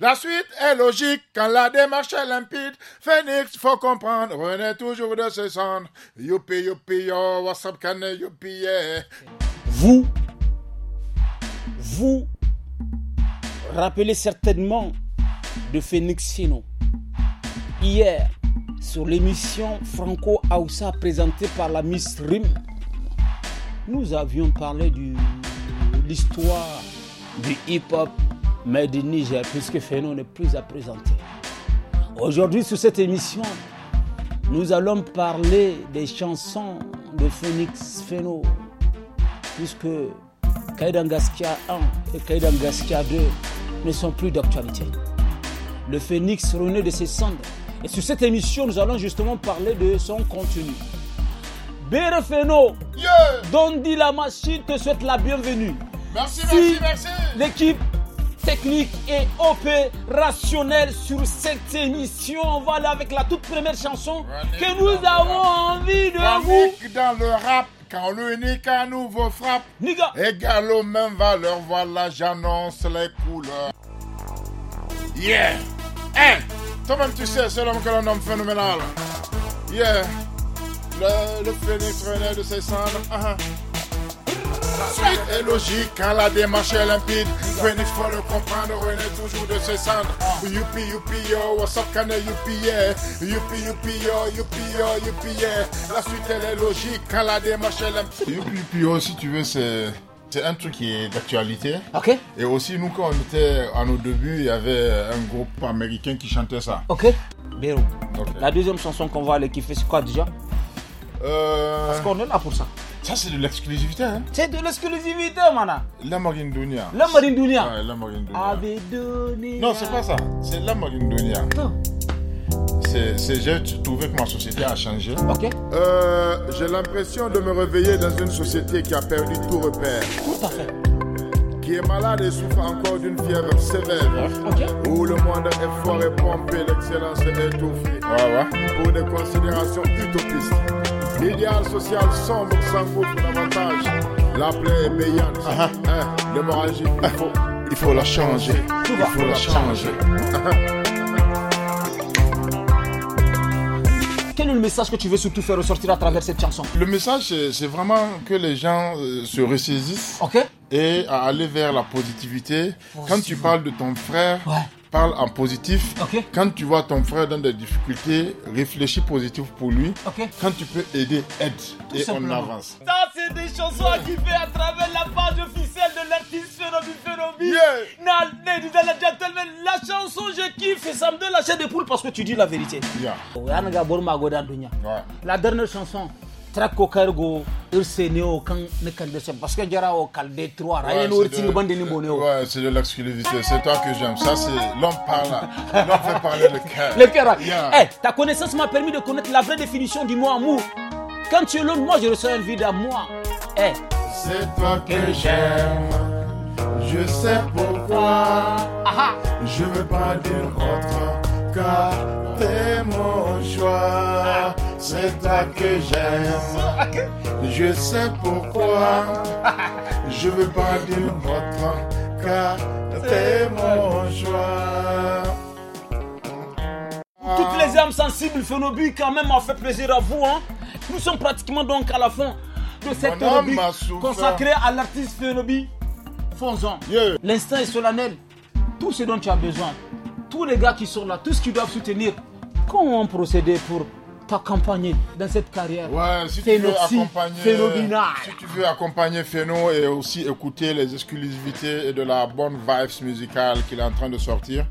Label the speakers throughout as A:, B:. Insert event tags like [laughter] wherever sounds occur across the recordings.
A: La suite est logique quand la démarche est limpide. Phoenix, faut comprendre, renaît toujours de ce cendres. Youpi, youpi, yo, what's up, can youpi, yeah.
B: Vous, vous rappelez certainement de Phoenix Sino. Hier, sur l'émission Franco Aoussa présentée par la Miss Rim, nous avions parlé de l'histoire du hip-hop mais du Niger, puisque FENO n'est plus à présenter. Aujourd'hui, sur cette émission, nous allons parler des chansons de Phoenix FENO puisque Kaidan Gaskia 1 et Kaidan Gaskia 2 ne sont plus d'actualité. Le phénix renaît de ses cendres. Et sur cette émission, nous allons justement parler de son contenu. Bere Feno, Dondi la machine te souhaite la bienvenue. Merci, merci, merci. L'équipe technique et opérationnel sur cette émission. On va aller avec la toute première chanson que
A: nous avons envie de vous... vous. dans le rap. Quand l'unique à nouveau frappe, Niga. égal aux mêmes valeurs, voilà, j'annonce les couleurs. Yeah! Hey! Toi-même, tu sais, c'est l'homme que l'on nomme phénoménal. Yeah! Le, phénomène de ses cendres. Uh la suite est logique quand hein, la démarche est limpide. Phoenix, faut le comprendre, René toujours de ses cendres. Youpi, youpi, yo, what's up, can youpi, yeah. Youpi, youpi, yo, youpi, yo, youpi, yeah. La suite, elle est logique quand hein, la démarche est limpide. Youpi, youpi, yo, si tu veux, c'est c'est un truc qui est d'actualité. Ok. Et aussi, nous, quand on était à nos débuts, il y avait un groupe américain qui chantait ça. Ok. Bérou. La deuxième chanson qu'on va aller kiffer, c'est quoi déjà euh... Parce qu'on est là pour ça. Ça, c'est de l'exclusivité, hein C'est de
B: l'exclusivité, mana.
A: La Marine La Marine Dunia. Ouais, la Marine
B: Dunia. Non, c'est
A: pas ça. C'est la Marine Non. C'est, j'ai trouvé que ma société a changé. Ok. Euh, j'ai l'impression de me réveiller dans une société qui a perdu tout repère. Tout à fait qui est malade et souffre encore d'une fièvre sévère. Ok. Où le monde est et pompé, l'excellence est étouffée. Ouais, ouais. Pour des considérations utopistes. L'idéal social sombre s'engouffre davantage. La plaie est payante. Ah, ah. Hein, l'hémorragie, il faut. la changer. il faut la changer. [laughs] Quel est le message que tu veux surtout faire ressortir à travers cette chanson Le message, c'est vraiment que les gens euh, se ressaisissent. Ok et à aller vers la positivité. Quand tu parles de ton frère, parle en positif. Quand tu vois ton frère dans des difficultés, réfléchis positif pour lui. Quand tu peux aider, aide et on avance.
B: Ça, c'est des chansons à viennent à travers la page officielle de l'artiste Ferobi Ferobi. La chanson, je kiffe. Ça me donne la chair de poule parce que tu dis la vérité. La dernière chanson tra kokargo irse kan ne kan de parce que jara o ra
A: bande ni ouais c'est de l'exclusivité c'est toi que j'aime ça c'est l'homme parle l'homme fait parler le cœur le cœur yeah. Eh, ta connaissance m'a permis de connaître la vraie
B: définition du mot amour quand tu es l'homme moi je reçois une vie à moi eh. c'est toi
A: que j'aime je sais pourquoi Aha. Ah. je veux pas dire autre car t'es mon choix ah c'est toi que j'aime. Je sais pourquoi, je veux pas votre votre car t'es mon
B: choix. Toutes les âmes sensibles, FENOBI quand même, a fait plaisir à vous. Hein. Nous sommes pratiquement donc à la fin de cette rubrique consacrée à l'artiste FENOBI, Fons-en. L'instinct est solennel. Tout ce dont tu as besoin, tous les gars qui sont là, tout ce qui doivent soutenir, comment procéder pour t'accompagner
A: dans cette carrière. Ouais, si tu veux accompagner, si tu veux accompagner Feno et aussi écouter les exclusivités de la bonne vibes musicale qu'il est en train de sortir,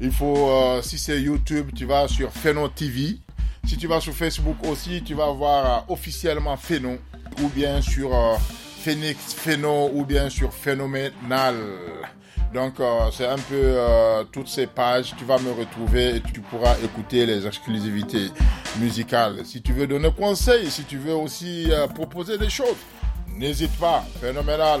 A: il faut, euh, si c'est YouTube, tu vas sur Feno TV. Si tu vas sur Facebook aussi, tu vas voir euh, officiellement Feno ou bien sur euh, Phoenix Feno ou bien sur Phénoménal. Donc euh, c'est un peu euh, toutes ces pages, tu vas me retrouver et tu pourras écouter les exclusivités musicales. Si tu veux donner conseil, si tu veux aussi euh, proposer des choses, n'hésite pas, phénoménal.